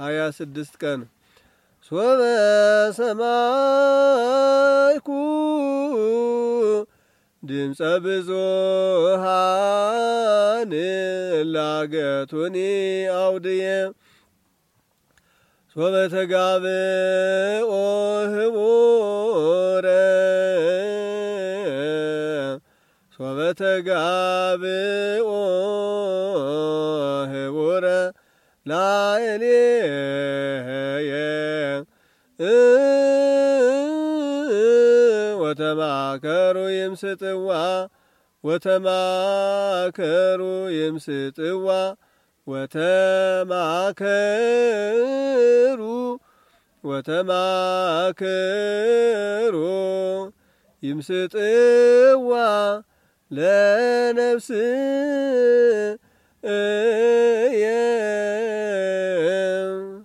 ሀያ ስድስት ቀን ሶበ ሰማይኩ ድምፀ ብዙሃን ላገቱኒ አውድየ ሶበ ተጋብኦ ህቡረ ሶበ ተጋብኦ لايلي ወተማከሩ ይምስጥዋ ወተማከሩ ይምስጥዋ ወተማከሩ ወተማከሩ ይምስጥዋ ለነፍስ